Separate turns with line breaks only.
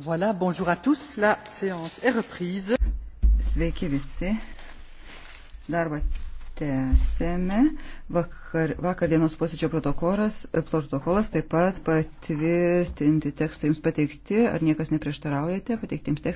Voilà, bonjour à tous, la séance est reprise.
Sveiki visi. Darbą tęsėme. Vakar, vakar dienos posėdžio protokolas, e, protokolas taip pat patvirtinti tekstai jums pateikti. Ar niekas neprieštaraujate pateiktiems tekstams?